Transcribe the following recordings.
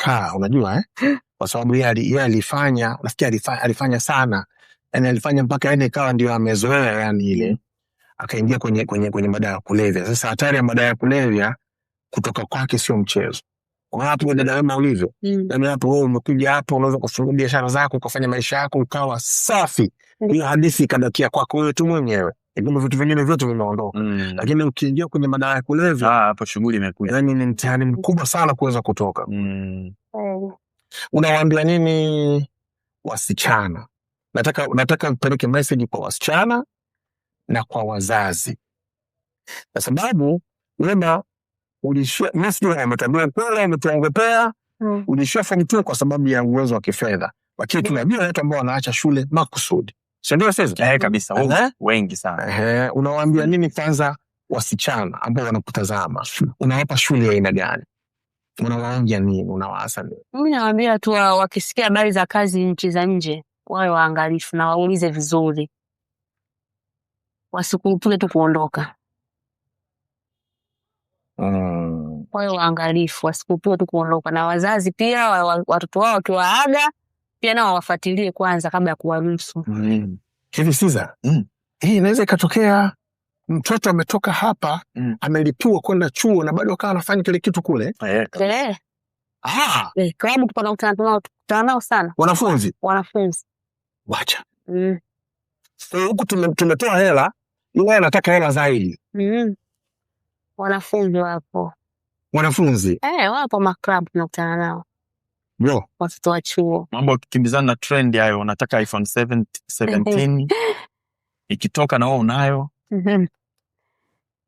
kaa, unajua eh? Kwa sababu yeye alifanya nafikiri alifanya, alifanya sana yani alifanya mpaka yani ikawa ndio amezoea yani ile akaingia kwenye, kwenye, kwenye madawa ya kulevya. Sasa hatari ya madawa ya kulevya kutoka kwake sio mchezo. Kwa hapo dada Wema ulivyo mm. Yaani hapo wewe umekuja hapo, unaweza kufungua biashara zako ukafanya maisha yako ukawa safi, hiyo mm. hadithi ikabakia kwako wewe tu mwenyewe. Kumbe vitu vingine vyote vimeondoka, mm. lakini ukiingia kwenye madawa ya kulevya ah, hapo shughuli imekuja, yani ni mtihani mkubwa sana kuweza kutoka. Mm. mm. Unawaambia nini wasichana? Nataka nataka mpeleke message kwa wasichana na kwa wazazi, kwa sababu wema ulishametambia ametuongepea mm. ulishafanikiwa kwa sababu ya uwezo wa kifedha, lakini tunajua watu ambao wanaacha shule makusudi sindio? eh, kabisa uh -huh. wengi sana uh -huh. unawaambia hmm. nini kwanza wasichana ambao wanakutazama, unawapa shule ya aina gani? unawaongia nini? Unawaasa nini? Mi nawambia tu wakisikia habari za kazi nchi za nje wawe waangalifu na waulize vizuri, wasikurupuke tu kuondoka. Mm. Wawe waangalifu, wasikurupuke tu kuondoka, na wazazi pia watoto wao wakiwaaga pia nao wafatilie kwanza kabla ya kuwaruhusu. Mm. Hivi siza mm. hii inaweza ikatokea mtoto ametoka hapa mm. amelipiwa kwenda chuo na bado akawa anafanya kile kitu kule eh, eh, sana wanafunzi wanafunzi, wacha mm. huku mm. tumetoa hela ila anataka hela zaidi mm. wanafunzi wapo wanafunzi eh, wapo maklabu tunakutana nao ndio. Watoto wa chuo. Mambo kukimbizana na trend hayo, unataka iPhone 7, 17 ikitoka na wewe unayo. Mhm.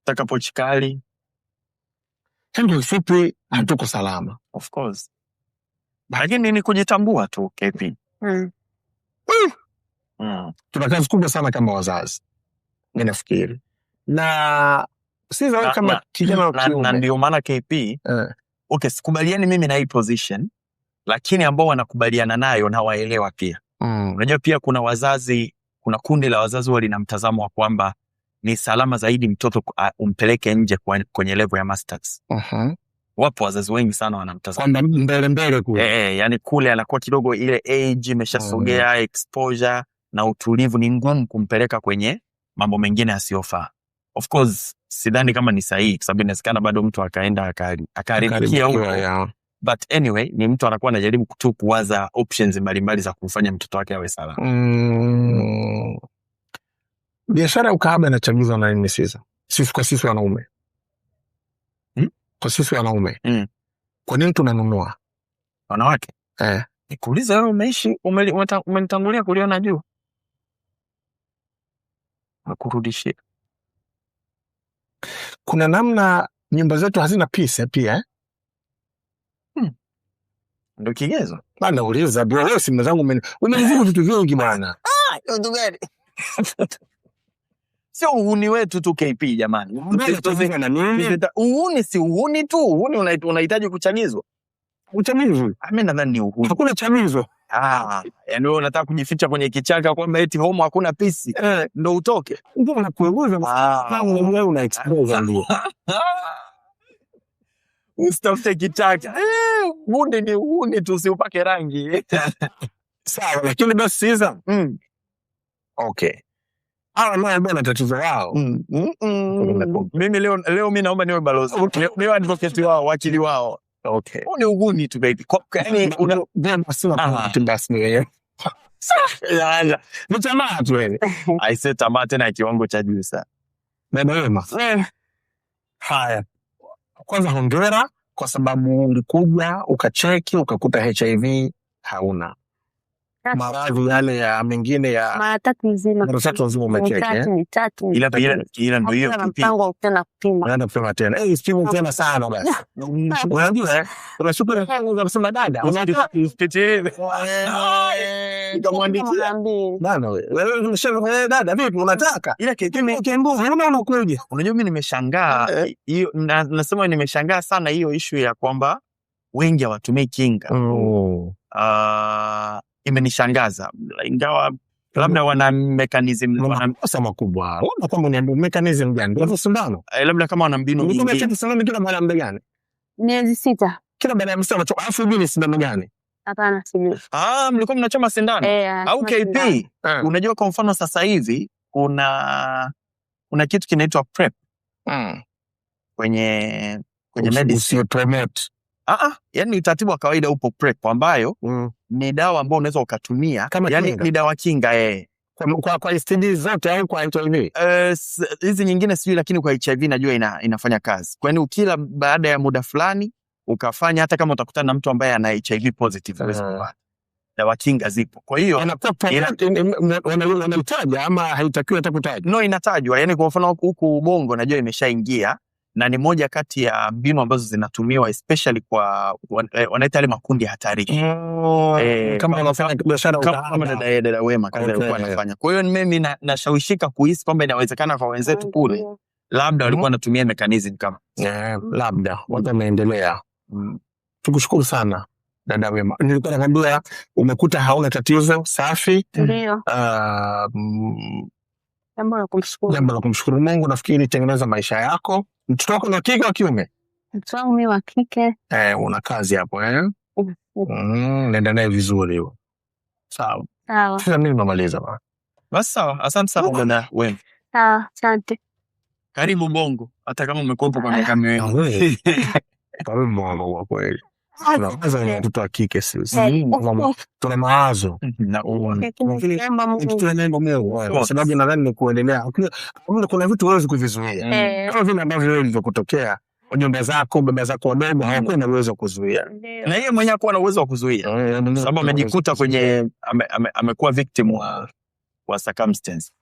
Taka pochi kali. Kama usipi hatuko salama. Of course. Lakini ni kujitambua tu KP. Mm. Mm. Tuna kazi kubwa sana kama wazazi. Mimi nafikiri. Na si kama kijana wa kiume. Na ndio maana KP, okay, eh. sikubaliani mimi na hii position lakini ambao wanakubaliana nayo na waelewa pia. Mm. Unajua pia kuna wazazi, kuna kundi la wazazi huwa lina mtazamo wa kwamba ni salama zaidi mtoto umpeleke nje kwenye levo ya masters. uh mm-hmm. -huh. Wapo wazazi wengi sana wanamtazama mbele mbele kule e, yani kule anakuwa kidogo ile age imeshasogea oh, mm-hmm. -huh. exposure na utulivu ni ngumu kumpeleka kwenye mambo mengine yasiyofaa. Of course sidhani kama ni sahihi, kwa sababu inawezekana bado mtu akaenda akaharibikia huko But anyway, ni mtu anakuwa anajaribu tu kuwaza options mbalimbali za kumfanya mtoto wake awe salama. Mm. Biashara ya ukahaba inachagizwa na nini sasa? Sisi kwa sisi wanaume. Hmm? Kwa sisi wanaume. Mm. Kwa nini tunanunua? Wanawake. Eh. Nikuuliza wewe umeishi umenitangulia kuliona juu. Nakurudishia. Kuna namna nyumba zetu hazina peace eh, pia eh? Hmm. ndo kigezo bana. Uliza bro, leo simu zangu umenivuta vitu vingi bwana. Ah, Sio uhuni wetu tu KP jamani, uhuni si uhuni tu, uhuni unahitaji kuchanizwa. Uchamizwi ah, mimi nadhani ni uhuni, hakuna chamizo. Ah, yani wewe unataka kujificha kwenye kichaka kwamba eti homo hakuna pisi eh. ndo utoke, ndio unakueleza, ah. wewe una expose ndio Usitafute kitaka hundi eh, ni hundi tu, usiupake rangi sawa. Lakini basi siza mm. okay Hawa na tatizo yao. Mm. Mimi leo leo mi naomba niwe balozi. Niwe advocate wao, wakili wao. Okay. Ni uguni tu baby. Yaani una nasema tu basi ni wewe. Sasa. Ni tamaa tu wewe. I said tamaa tena kiwango cha juu sana. Mema wema. Eh. Haya. Kwanza hongera kwa sababu ulikuja ukacheki ukakuta HIV hauna maradhi yale ya mengine ya mara tatu nzima, mara tatu nzima umecheke tatu, eh? ila ila ila ndio hiyo mpango tena kupima, naenda kupima tena, eh, tena sana basi. Unajua eh, dada, unataka nikamwandikia wewe eh, dada, vipi unataka ila kembo, unakuja. Unajua mimi nimeshangaa eh, hiyo, nasema nimeshangaa sana hiyo issue ya kwamba wengi hawatumii kinga. Oh. Ah, imenishangaza, ingawa labda wana mekanism makubwa, labda kama ni mekanism gani? Ndio sindano, eh, labda kama wana mbinu sindano kila baada ya muda gani? Miezi sita, kila baada ya msimu anachoma. Alafu hivi ni sindano gani? Hapana, sijui. Ah, mlikuwa mnachoma sindano eh, au KP? Eh. Unajua, kwa mfano sasa hivi kuna kuna kitu kinaitwa prep mm. kwenye kwenye medicine Aa, yani utaratibu wa kawaida upo PrEP ambayo mm. ni dawa ambayo unaweza ukatumia kama yani, ni dawa kinga eh. Kwa, kwa STD zote au kwa HIV? Hizi uh, nyingine sijui, lakini kwa HIV najua ina, inafanya kazi. Kwani ukila baada ya muda fulani ukafanya, hata kama utakutana na mtu ambaye ana HIV positive uh -huh. Dawa kinga zipo, kwa hiyo wanamtaja ama haitakiwi hata kutajwa? No, inatajwa yani, kwa mfano huku Bongo najua imeshaingia na ni moja kati ya mbinu ambazo zinatumiwa especially kwa eh, wanaita yale makundi hatari, oh, eh, wema anafanya. Kwa hiyo mimi nashawishika kuhisi kwamba inawezekana kwa wenzetu mm, kule labda walikuwa mm-hmm. wanatumia mekanism kama eh, labda wanaendelea. Mm. Tukushukuru sana dada Wema, nilikuwa umekuta hauna tatizo, safi. Ah, mm. Jambo la kumshukuru Mungu, nafikiri tengeneza maisha yako Mtoto wako ni wa kike wa kiume? Mtoto wangu mimi wa kike. Eh, una kazi hapo eh? Mm, mm-hmm, nenda naye vizuri hiyo. Sawa. Sawa. Sasa mimi nimemaliza ba. Basi sawa, asante sana bwana wewe. Sawa, asante. Karibu Bongo hata kama umekopa kwa miaka miwili. Karibu Bongo kwa kweli. No, mtoto wa kike tulemazo sababu nadhani ni kuendelea. Kuna vitu huwezi kuvizuia, kama vile ambavyo ilivyokutokea nyumba zako baba zako wadogo hawakuwa na uwezo wa kuzuia, na yeye mwenyewe hakuwa na uwezo wa kuzuia, sababu amejikuta kwenye amekuwa victim wa circumstance